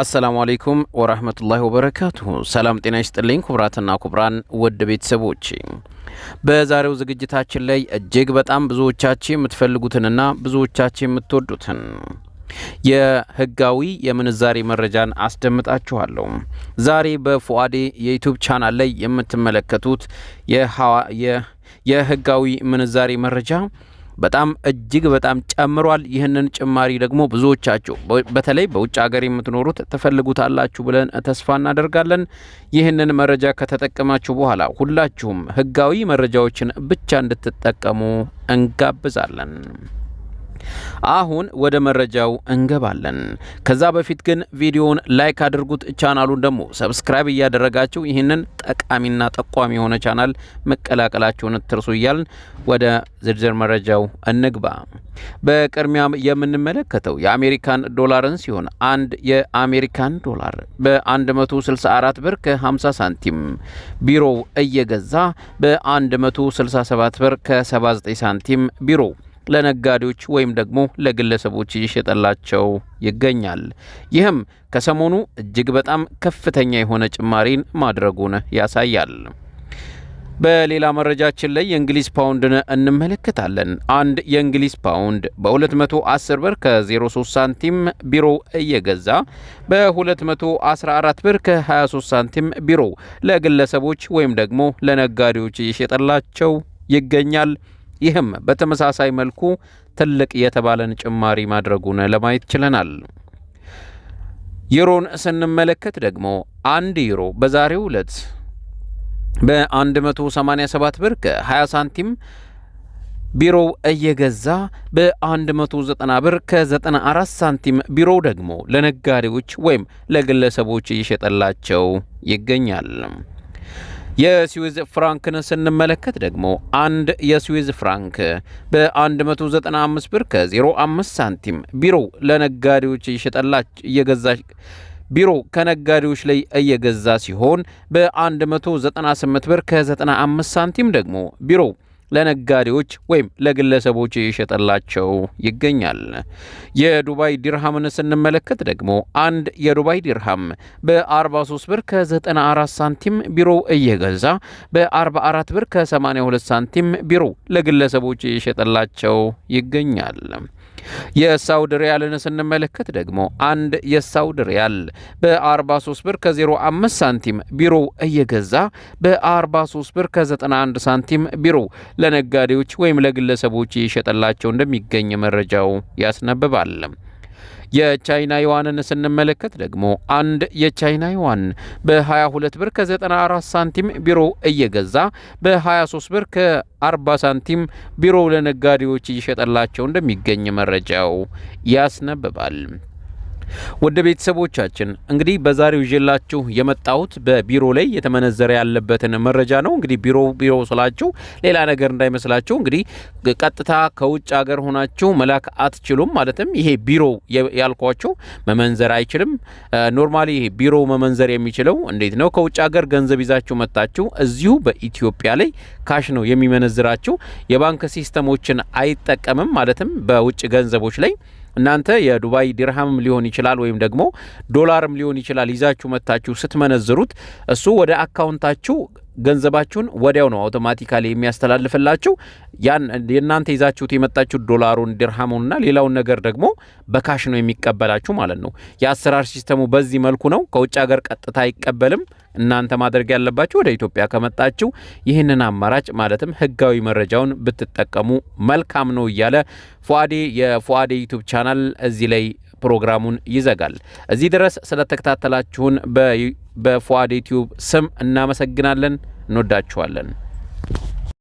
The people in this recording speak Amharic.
አሰላሙ አሌይኩም ወራህመቱላሂ ወበረካቱሁ። ሰላም ጤና ይስጥልኝ ኩብራትና ኩብራን ውድ ቤተሰቦች፣ በዛሬው ዝግጅታችን ላይ እጅግ በጣም ብዙዎቻችን የምትፈልጉትንና ብዙዎቻችን የምትወዱትን የህጋዊ የምንዛሬ መረጃን አስደምጣችኋለሁ። ዛሬ በፉአዴ የዩቱብ ቻናል ላይ የምትመለከቱት የህጋዊ ምንዛሬ መረጃ በጣም እጅግ በጣም ጨምሯል። ይህንን ጭማሪ ደግሞ ብዙዎቻችሁ በተለይ በውጭ ሀገር የምትኖሩት ትፈልጉታላችሁ ብለን ተስፋ እናደርጋለን። ይህንን መረጃ ከተጠቀማችሁ በኋላ ሁላችሁም ህጋዊ መረጃዎችን ብቻ እንድትጠቀሙ እንጋብዛለን። አሁን ወደ መረጃው እንገባለን። ከዛ በፊት ግን ቪዲዮውን ላይክ አድርጉት፣ ቻናሉን ደግሞ ሰብስክራይብ እያደረጋችሁ ይህንን ጠቃሚና ጠቋሚ የሆነ ቻናል መቀላቀላችሁን አትርሱ እያልን ወደ ዝርዝር መረጃው እንግባ። በቅድሚያም የምንመለከተው የአሜሪካን ዶላርን ሲሆን አንድ የአሜሪካን ዶላር በ164 ብር ከ50 ሳንቲም ቢሮው እየገዛ በ167 ብር ከ79 ሳንቲም ቢሮው ለነጋዴዎች ወይም ደግሞ ለግለሰቦች እየሸጠላቸው ይገኛል። ይህም ከሰሞኑ እጅግ በጣም ከፍተኛ የሆነ ጭማሪን ማድረጉን ያሳያል። በሌላ መረጃችን ላይ የእንግሊዝ ፓውንድን እንመለከታለን። አንድ የእንግሊዝ ፓውንድ በ210 ብር ከ03 ሳንቲም ቢሮ እየገዛ በ214 ብር ከ23 ሳንቲም ቢሮ ለግለሰቦች ወይም ደግሞ ለነጋዴዎች እየሸጠላቸው ይገኛል። ይህም በተመሳሳይ መልኩ ትልቅ የተባለን ጭማሪ ማድረጉን ለማየት ችለናል። ዩሮን ስንመለከት ደግሞ አንድ ዩሮ በዛሬው ዕለት በ187 ብር ከ20 ሳንቲም ቢሮው እየገዛ በ190 ብር ከ94 ሳንቲም ቢሮው ደግሞ ለነጋዴዎች ወይም ለግለሰቦች እየሸጠላቸው ይገኛል። የስዊዝ ፍራንክን ስንመለከት ደግሞ አንድ የስዊዝ ፍራንክ በ195 ብር ከ05 ሳንቲም ቢሮ ለነጋዴዎች እየሸጠላች እየገዛ ቢሮ ከነጋዴዎች ላይ እየገዛ ሲሆን በ198 ብር ከ95 ሳንቲም ደግሞ ቢሮ ለነጋዴዎች ወይም ለግለሰቦች እየሸጠላቸው ይገኛል። የዱባይ ዲርሃምን ስንመለከት ደግሞ አንድ የዱባይ ዲርሃም በ43 ብር ከ94 ሳንቲም ቢሮ እየገዛ በ44 ብር ከ82 ሳንቲም ቢሮ ለግለሰቦች እየሸጠላቸው ይገኛል። የሳውድ ሪያልን ስንመለከት ደግሞ አንድ የሳውድ ሪያል በ43 ብር ከ05 ሳንቲም ቢሮው እየገዛ በ43 ብር ከ91 ሳንቲም ቢሮው ለነጋዴዎች ወይም ለግለሰቦች እየሸጠላቸው እንደሚገኝ መረጃው ያስነብባል። የቻይና ዩዋንን ስንመለከት ደግሞ አንድ የቻይና ዩዋን በ22 ብር ከ94 ሳንቲም ቢሮ እየገዛ በ23 ብር ከ40 ሳንቲም ቢሮ ለነጋዴዎች እየሸጠላቸው እንደሚገኝ መረጃው ያስነብባል። ወደ ቤተሰቦቻችን እንግዲህ በዛሬው ይዤላችሁ የመጣሁት በቢሮ ላይ የተመነዘረ ያለበትን መረጃ ነው። እንግዲህ ቢሮ ቢሮ ስላችሁ ሌላ ነገር እንዳይመስላችሁ። እንግዲህ ቀጥታ ከውጭ ሀገር ሆናችሁ መላክ አትችሉም። ማለትም ይሄ ቢሮ ያልኳችሁ መመንዘር አይችልም። ኖርማሊ ቢሮ መመንዘር የሚችለው እንዴት ነው? ከውጭ ሀገር ገንዘብ ይዛችሁ መጣችሁ እዚሁ በኢትዮጵያ ላይ ካሽ ነው የሚመነዝራችሁ። የባንክ ሲስተሞችን አይጠቀምም። ማለትም በውጭ ገንዘቦች ላይ እናንተ የዱባይ ዲርሃምም ሊሆን ይችላል ወይም ደግሞ ዶላርም ሊሆን ይችላል ይዛችሁ መታችሁ ስትመነዝሩት እሱ ወደ አካውንታችሁ ገንዘባችሁን ወዲያው ነው አውቶማቲካሊ የሚያስተላልፍላችሁ። ያን የእናንተ ይዛችሁት የመጣችሁ ዶላሩን፣ ድርሃሙንና ሌላውን ነገር ደግሞ በካሽ ነው የሚቀበላችሁ ማለት ነው። የአሰራር ሲስተሙ በዚህ መልኩ ነው። ከውጭ ሀገር ቀጥታ አይቀበልም። እናንተ ማድረግ ያለባችሁ ወደ ኢትዮጵያ ከመጣችሁ ይህንን አማራጭ ማለትም ህጋዊ መረጃውን ብትጠቀሙ መልካም ነው እያለ ፏዴ የፏዴ ዩቱብ ቻናል እዚህ ላይ ፕሮግራሙን ይዘጋል። እዚህ ድረስ ስለተከታተላችሁን በፏድ ዩቲዩብ ስም እናመሰግናለን። እንወዳችኋለን።